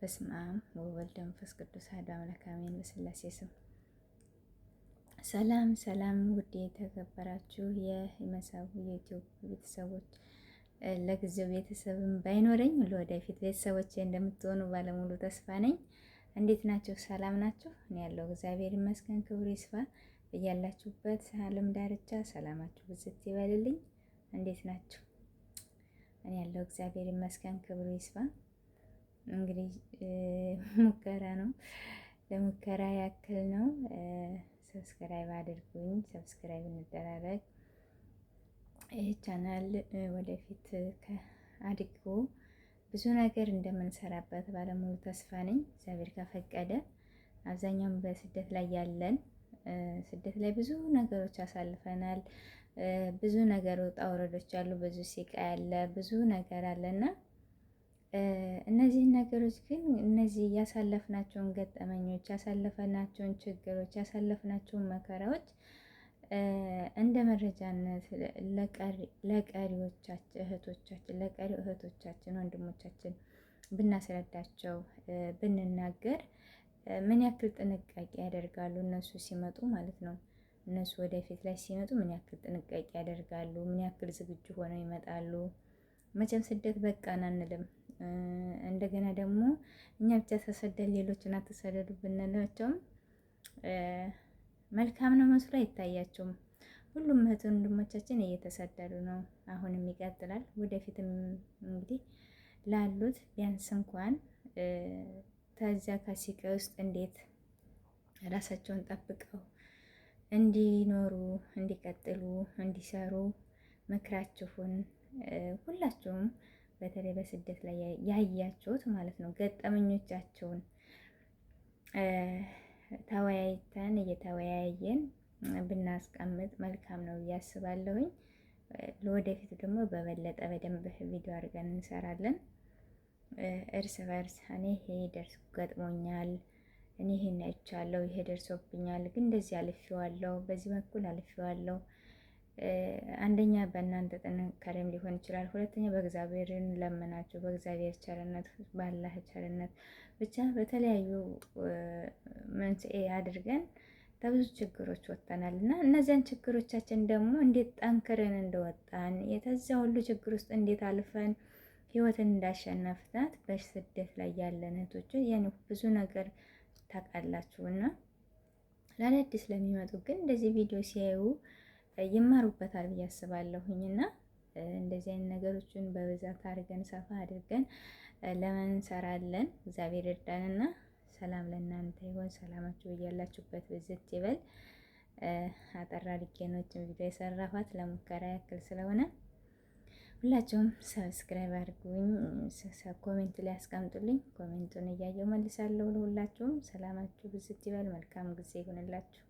በስመ አብ ወወልድ መንፈስ ቅዱስ አሐዱ አምላክ አሜን። ስም ሰላም ሰላም። ውድ የተከበራችሁ የመሳቡ የዩቲዩብ ቤተሰቦች ለጊዜው ቤተሰብም ባይኖረኝ ለወደፊት ቤተሰቦች እንደምትሆኑ ባለሙሉ ተስፋ ነኝ። እንዴት ናችሁ? ሰላም ናችሁ? እኔ ያለው እግዚአብሔር ይመስገን፣ ክብሩ ይስፋ። እያላችሁበት ዓለም ዳርቻ ሰላማችሁ ብዝት ይበልልኝ። እንዴት ናችሁ? እኔ ያለው እግዚአብሔር ይመስገን፣ ክብሩ ይስፋ። እንግዲህ ሙከራ ነው፣ ለሙከራ ያክል ነው። ሰብስክራይብ አድርጉኝ፣ ሰብስክራይብ እንደራረግ። ይህ ቻናል ወደፊት አድጎ ብዙ ነገር እንደምንሰራበት ባለሙሉ ተስፋ ነኝ፣ እግዚአብሔር ከፈቀደ። አብዛኛውን በስደት ላይ ያለን ስደት ላይ ብዙ ነገሮች አሳልፈናል። ብዙ ነገር ውጣ ውረዶች አሉ። ብዙ ሲቃ ያለ ብዙ ነገር አለና እነዚህን ነገሮች ግን እነዚህ ያሳለፍናቸውን ገጠመኞች፣ ያሳለፈናቸውን ችግሮች፣ ያሳለፍናቸውን መከራዎች እንደ መረጃነት ለቀሪዎቻችን እህቶቻችን ለቀሪ እህቶቻችን ወንድሞቻችን ብናስረዳቸው ብንናገር ምን ያክል ጥንቃቄ ያደርጋሉ እነሱ ሲመጡ ማለት ነው። እነሱ ወደፊት ላይ ሲመጡ ምን ያክል ጥንቃቄ ያደርጋሉ? ምን ያክል ዝግጁ ሆነው ይመጣሉ? መቼም ስደት በቃን አንልም። እንደገና ደግሞ እኛ ብቻ ተሰደን ሌሎችን አትሰደዱ ብንላቸውም መልካም ነው መስሎ አይታያቸውም። ሁሉም እህት ወንድሞቻችን እየተሰደዱ ነው። አሁንም ይቀጥላል። ወደፊትም እንግዲህ ላሉት ቢያንስ እንኳን ከዚያ ከሲቀ ውስጥ እንዴት ራሳቸውን ጠብቀው እንዲኖሩ እንዲቀጥሉ፣ እንዲሰሩ ምክራችሁን ሁላችሁም በተለይ በስደት ላይ ያያችሁት ማለት ነው ገጠመኞቻችሁን ተወያይተን እየተወያየን ብናስቀምጥ መልካም ነው ብዬ አስባለሁኝ። ለወደፊት ደግሞ በበለጠ በደንብ ቪዲዮ አድርገን እንሰራለን። እርስ በርስ እኔ ይሄ ደርስ ገጥሞኛል፣ እኔ ይሄን አይቻለሁ፣ ይሄ ደርሶብኛል፣ ግን እንደዚህ አልፌዋለሁ፣ በዚህ በኩል አልፌዋለሁ አንደኛ በእናንተ ጥንካሬም ሊሆን ይችላል። ሁለተኛ በእግዚአብሔርን ለምናችሁ በእግዚአብሔር ቸርነት፣ ባላህ ቸርነት ብቻ በተለያዩ መንስኤ አድርገን ከብዙ ችግሮች ወጥተናል እና እነዚያን ችግሮቻችን ደግሞ እንዴት ጠንክረን እንደወጣን የተዚያ ሁሉ ችግር ውስጥ እንዴት አልፈን ህይወትን እንዳሸነፍናት በስደት ላይ ያለን እህቶች ያኔ ብዙ ነገር ታውቃላችሁ እና ለአዳዲስ ለሚመጡ ግን እንደዚህ ቪዲዮ ሲያዩ ይማሩበታል ብዬ አስባለሁኝ እና እንደዚህ አይነት ነገሮችን በብዛት አድርገን ሰፋ አድርገን ለምን እንሰራለን። እግዚአብሔር ይርዳንና ሰላም ለእናንተ ይሆን። ሰላማችሁ እያላችሁበት ብዝት ይበል። አጠራ ዲኬኖችን ቪዲዮ የሰራኋት ለሙከራ ያክል ስለሆነ ሁላችሁም ሰብስክራይብ አድርጉኝ፣ ኮሜንት ላይ አስቀምጡልኝ። ኮሜንቱን እያየው መልሳለሁ። ለሁላችሁም ሰላማችሁ ብዝት ይበል። መልካም ጊዜ ይሆንላችሁ።